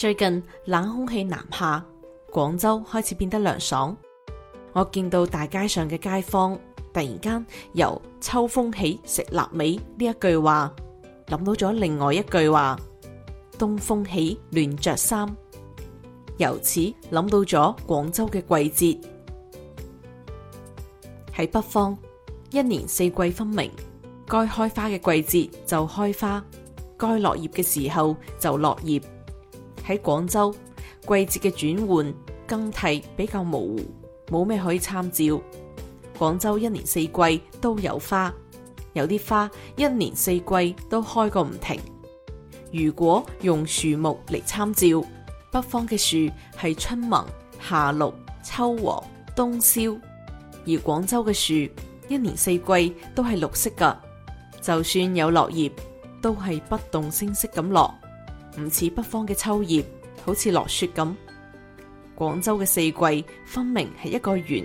最近冷空氣南下，廣州開始變得涼爽。我見到大街上嘅街坊，突然間由秋風起食臘味呢一句話，諗到咗另外一句話：冬風起亂着衫。由此諗到咗廣州嘅季節。喺北方，一年四季分明，該開花嘅季節就開花，該落葉嘅時候就落葉。喺廣州，季節嘅轉換更替比較模糊，冇咩可以參照。廣州一年四季都有花，有啲花一年四季都開個唔停。如果用樹木嚟參照，北方嘅樹係春萌、夏綠、秋黃、冬蕭，而廣州嘅樹一年四季都係綠色噶，就算有落葉，都係不動聲色咁落。唔似北方嘅秋葉，好似落雪咁。廣州嘅四季分明係一個圓，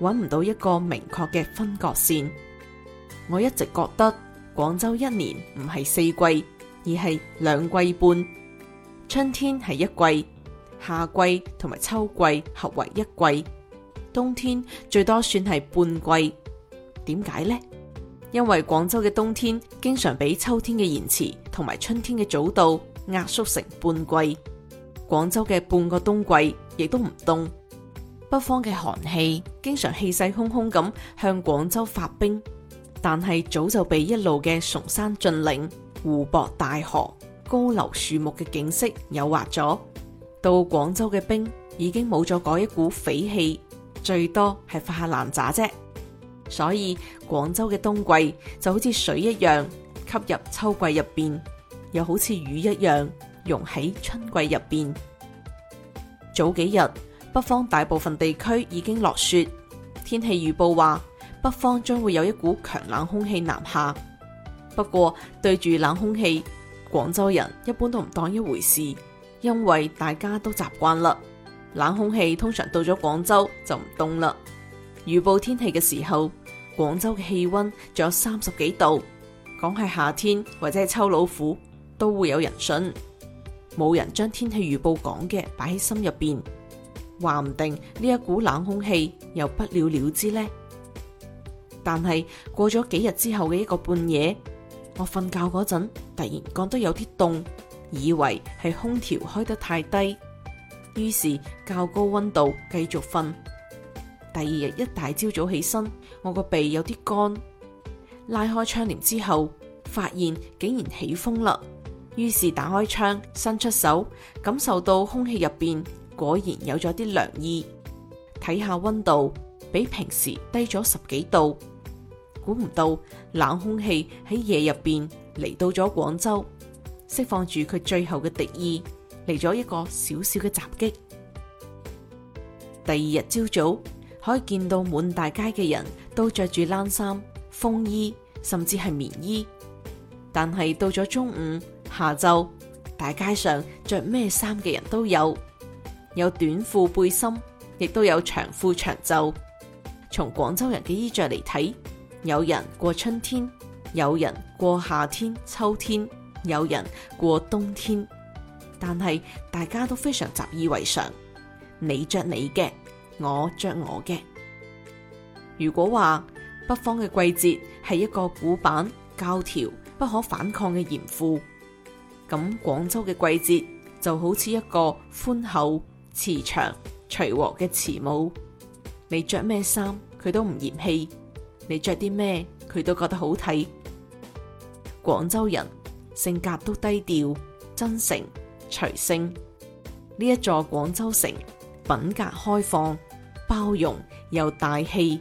搵唔到一個明確嘅分割線。我一直覺得廣州一年唔係四季，而係兩季半。春天係一季，夏季同埋秋季合為一季，冬天最多算係半季。點解呢？因為廣州嘅冬天經常俾秋天嘅延遲，同埋春天嘅早到。壓縮成半季，廣州嘅半個冬季亦都唔凍。北方嘅寒氣經常氣勢洶洶咁向廣州發兵，但係早就被一路嘅崇山峻嶺、湖泊大河、高樓樹木嘅景色誘惑咗。到廣州嘅兵已經冇咗嗰一股匪氣，最多係發下爛渣啫。所以廣州嘅冬季就好似水一樣吸入秋季入邊。又好似雨一樣融喺春季入邊。早幾日，北方大部分地區已經落雪。天氣預報話，北方將會有一股強冷空氣南下。不過，對住冷空氣，廣州人一般都唔當一回事，因為大家都習慣啦。冷空氣通常到咗廣州就唔凍啦。預報天氣嘅時候，廣州嘅氣溫仲有三十幾度，講係夏天或者係秋老虎。都會有人信，冇人將天氣預報講嘅擺喺心入邊，話唔定呢一股冷空氣又不了了之呢？但係過咗幾日之後嘅一個半夜，我瞓覺嗰陣突然覺得有啲凍，以為係空調開得太低，於是較高溫度繼續瞓。第二日一大朝早起身，我個鼻有啲乾，拉開窗簾之後，發現竟然起風啦。於是打開窗，伸出手，感受到空氣入邊果然有咗啲涼意。睇下溫度，比平時低咗十幾度。估唔到冷空氣喺夜入邊嚟到咗廣州，釋放住佢最後嘅敵意，嚟咗一個小小嘅襲擊。第二日朝早，可以見到滿大街嘅人都着住冷衫、風衣，甚至係棉衣。但係到咗中午、下晝，大街上着咩衫嘅人都有，有短褲背心，亦都有長褲長袖。從廣州人嘅衣着嚟睇，有人過春天，有人過夏天、秋天，有人過冬天。但係大家都非常習以為常，你着你嘅，我着我嘅。如果話北方嘅季節係一個古板、教條。教條不可反抗嘅嚴父。咁廣州嘅季節就好似一個寬厚、慈祥、隨和嘅慈母。你着咩衫，佢都唔嫌棄；你着啲咩，佢都覺得好睇。廣州人性格都低調、真誠、隨性。呢一座廣州城，品格開放、包容又大氣。